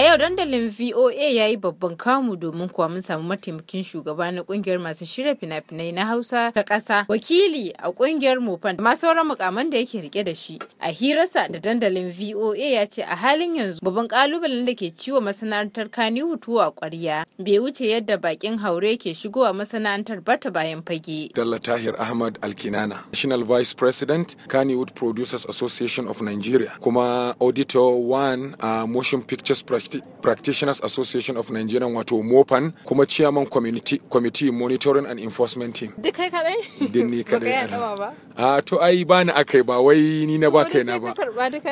A yau dandalin VOA ya yi babban kamu domin kuwa mun samu mataimakin shugaba na kungiyar masu shirya fina-finai na Hausa ta ƙasa, wakili a kungiyar Mofan da sauran mukaman da yake rike da shi. A hirarsa da dandalin VOA ya ce a halin yanzu babban kalubalen da ke ciwo masana'antar kani hutu a kwarya. bai wuce yadda bakin haure ke shigowa masana'antar bata bayan fage. Dalla Tahir Ahmad Alkinana, National Vice President, Kannywood Producers Association of Nigeria, kuma Auditor One a Motion Pictures Press Practitioners Association of Nigerian wato MOPAN kuma chairman community committee monitoring and enforcement team. Duk kai kadai? Duk ni kadai. Baka ba? A to ai ba ni akai ba wai ni na ba kai na ba.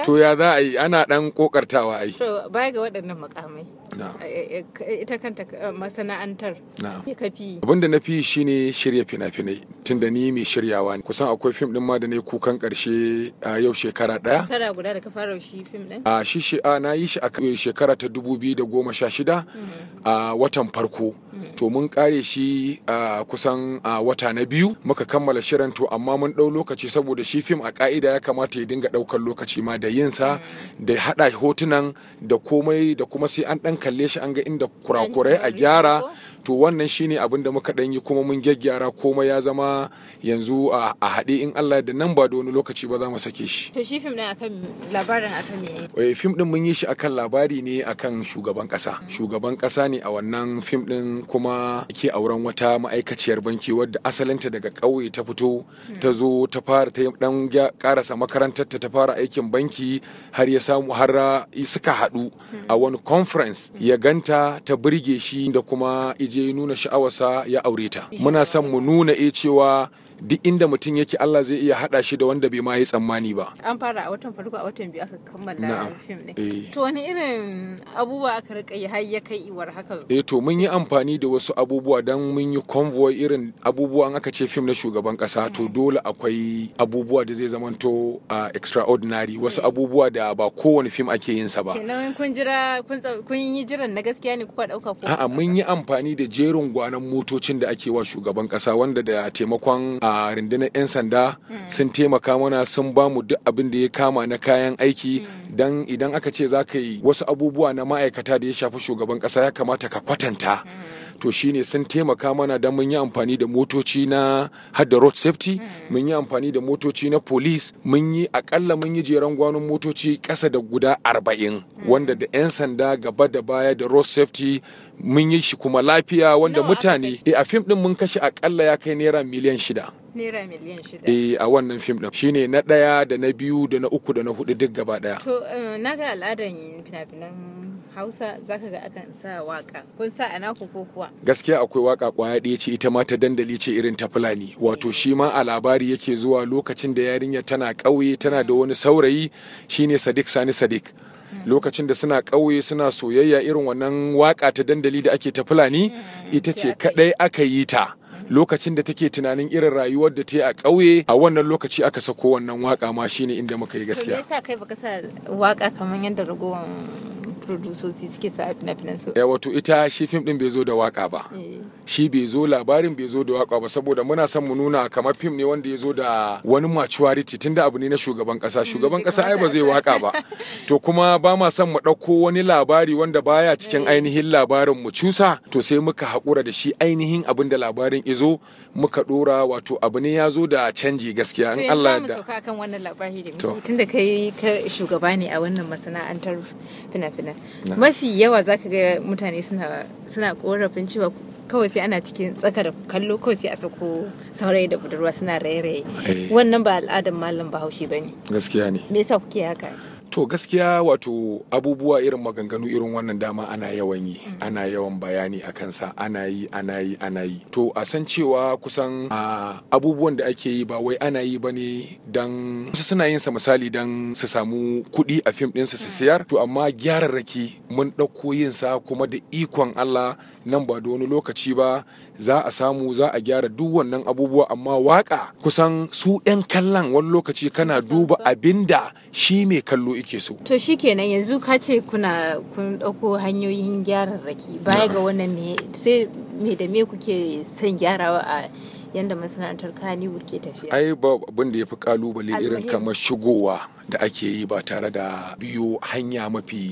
To ya za a yi ana dan kokartawa ai. To baya ga waɗannan makamai. Eh, eh, eh, ita kanta masana'antar me fi abinda na fi shine shirya fina-finai tunda ni mai shiryawa ne kusan akwai fim din ma da ne kukan karshe a yau shekara daya shekara guda da ka fara shi fim din a shi shi a na yi shi a shekara ta 2016 mm-hmm. a watan farko mm-hmm. to mun kare shi a kusan a wata na biyu muka kammala shirin to amma mun dau lokaci saboda shi fim a ka'ida ya kamata ya dinga daukar lokaci ma da yinsa mm-hmm. da hada hotunan da komai da kuma sai an dan kalle shi an ga inda kurakurai a gyara to wannan shine abin da muka ɗan yi kuma mun gyaggyara komai ya zama yanzu a haɗe in Allah da nan ba da wani lokaci ba za mu sake shi to shi fim ɗin akan labarin akan me ne eh, fim ɗin mun yi shi akan labari ne akan shugaban ƙasa. shugaban ƙasa ne a wannan fim ɗin kuma ke auren wata ma'aikaciyar banki wadda asalinta daga ƙauye ta fito hmm. ta zo ta fara ta ɗan ƙarasa makarantar ta fara aikin banki har ya samu har suka haɗu hmm. a wani conference ya ganta ta birge shi da kuma je nuna sha'awarsa ya aure ta muna son mu nuna e cewa duk inda mutum yake Allah zai iya haɗa shi da wanda bai ma yi tsammani ba. An fara a watan farko a watan biyu aka kammala fim ɗin. Eh. To wani irin abubuwa aka rika yi har ya kai iwar haka? Eh to mun yi amfani da wasu abubuwa don mun yi convoy irin abubuwan aka ce fim na shugaban Kasa. to mm. dole akwai abubuwa da zai zamanto a extraordinary wasu abubuwa da ba kowane fim ake yin sa ba. Kenan kun jira kun yi jiran na gaskiya ne kuka ɗauka ko? A'a mun yi amfani da jerin gwanan motocin da ake wa shugaban Kasa wanda da taimakon a rundunar 'yan sanda sun taimaka mana sun ba mu duk abin da ya kama na kayan aiki dan idan aka ce za ka yi wasu abubuwa na ma'aikata da ya shafi shugaban ƙasa ya kamata ka kwatanta. to shine sun taimaka mana da mun yi amfani da motoci na hadda road safety hmm. mun yi amfani da motoci na police mun yi akalla mun yi jeran gwanon motoci kasa da guda arba'in hmm. wanda da 'yan sanda gaba da baya da road safety mun yi shi kuma lafiya wanda mutane eh, a fim din mun kashe akalla ya kai naira miliyan shida naira eh, a wannan fim din shine na ɗaya da na biyu da na uku da na hudu duk gaba ɗaya. To eh, na ga al'adan fina-finan hausa zaka ga akan sa waka kun sa ana ko kuwa gaskiya akwai waka kwaya ɗaya ce ita ma ta dandali ce irin ta fulani wato shi ma a labari yake zuwa lokacin da yarinya tana kauye tana da wani saurayi shine sadiq sani sadiq lokacin da suna kauye suna soyayya irin wannan waka ta dandali da ake ta fulani ita ce kaɗai aka yi ta lokacin da take tunanin irin rayuwar da ta yi a ƙauye a wannan lokaci aka sako wannan waka ma shine inda muka yi gaskiya. Me yasa kai baka sa waka kamar yadda ragowar produsosi suke sa fina-finan su. wato ita shi fim din bai zo da waka ba. Eh. Shi bai zo labarin bai zo da waka ba saboda muna son mu nuna kamar fim ne wanda ya zo da wani maturity tunda abu ne na shugaban kasa mm, shugaban kasa ai ba zai waka ba. To kuma ba ma son mu ɗauko wani labari wanda baya cikin eh. ainihin labarin mu cusa to sai muka haƙura da shi ainihin abin da labarin izo muka ɗora wato abu ne ya zo da canji gaskiya in Allah da. To kan wannan labari da tunda kai ka shugaba ne a wannan masana'antar fina-finan mafi yawa za ka ga mutane suna korafin cewa kawai sai ana cikin tsaka da kallo kawai sai a sako saurayi da budurwa suna raye-raye eh. wannan ba al'adar malam bahaushe ba ne gaskiya ne me yasa kuke haka To gaskiya wato abubuwa irin maganganu irin wannan dama ana yawan yi, mm. ana yawan bayani a kansa, ana yi, ana yi, ana yi. To a san cewa kusan abubuwan da ake yi ba wai ana yi ba ne don su suna yin sa misali don su samu kuɗi a fim ɗinsa su mm. siyar. To amma gyararraki mun ɗauko yin sa kuma da ikon Allah nan ba da wani lokaci ba za a samu za a gyara duk wannan abubuwa amma waka kusan su 'yan kallon wani lokaci kana duba abinda shi mai kallo muke so to shikenan yanzu ka ce kuna kun ɗauko hanyoyin gyaran raki baya ga wannan me sai me da me kuke son gyarawa a yanda masana'antar kaniwood ke tafiya ai ba abin da ya fi kalubale irin kamar shigowa da ake yi ba tare da biyo hanya mafi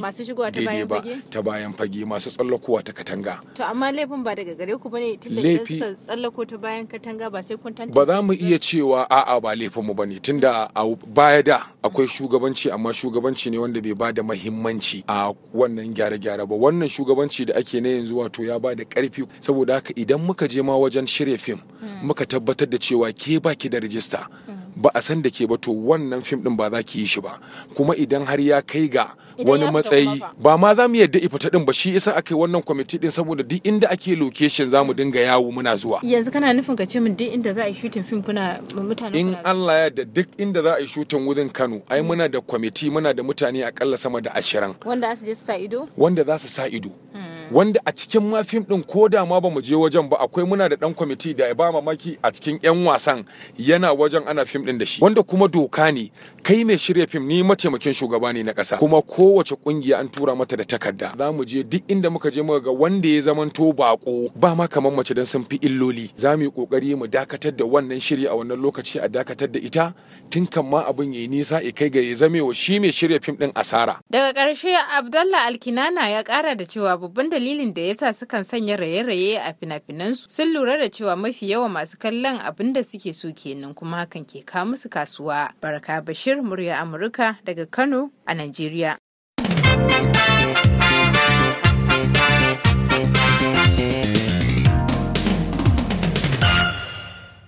daidai ba ta bayan fage masu tsallakowa ta katanga to amma laifin ba daga gare ku bane tunda laifi tsallako ta bayan katanga ba sai kun tantance ba za mu iya cewa a'a ba laifin mu bane tunda a baya da akwai shugabanci amma shugabanci ne wanda bai ba da mahimmanci a wannan gyare-gyare ba wannan shugabanci da ake na yanzu wato ya ba da karfi saboda haka idan muka je ma wajen shirya fim hmm. muka tabbatar da cewa ke baki da rijista hmm. ba a san da ke ba to wannan fim din ba za ki yi shi ba kuma idan har ya kai ga wani matsayi ba ma za mu yadda ifita din ba shi isa aka yi wannan kwamiti din saboda duk inda ake location za mu dinga yawo muna zuwa yanzu kana nufin ka ce min duk inda za a yi shooting film kuna mutane in Allah ya da duk inda za a yi shooting wurin Kano ai muna da kwamiti muna da mutane akalla sama da ashirin wanda za su su sa ido wanda za su sa ido wanda a cikin ma fim din ko da ma ba mu je wajen ba akwai muna da dan kwamiti da ba mamaki a cikin yan wasan yana wajen ana fim din da shi wanda kuma doka ne kai ne shirya fim ni mataimakin shugaba ne na ƙasa kuma kowace ƙungiya an tura mata da takarda za mu je duk inda muka je muka ga wanda ya zamanto bako ba ma kamar mace don sun fi illoli za mu yi ƙoƙari mu dakatar da wannan shiri a wannan lokaci a dakatar da ita tun kan ma abin yi nisa ya kai ga ya zame wa shi mai shirya fim ɗin asara daga ƙarshe Abdallah Alkinana ya ƙara da cewa babban dalilin da yasa sukan sanya raye-raye a fina-finansu sun lura da cewa mafi yawa masu kallon abin da suke so kenan kuma hakan ke kawo musu kasuwa baraka bashir Amurka daga Kano a Najeriya.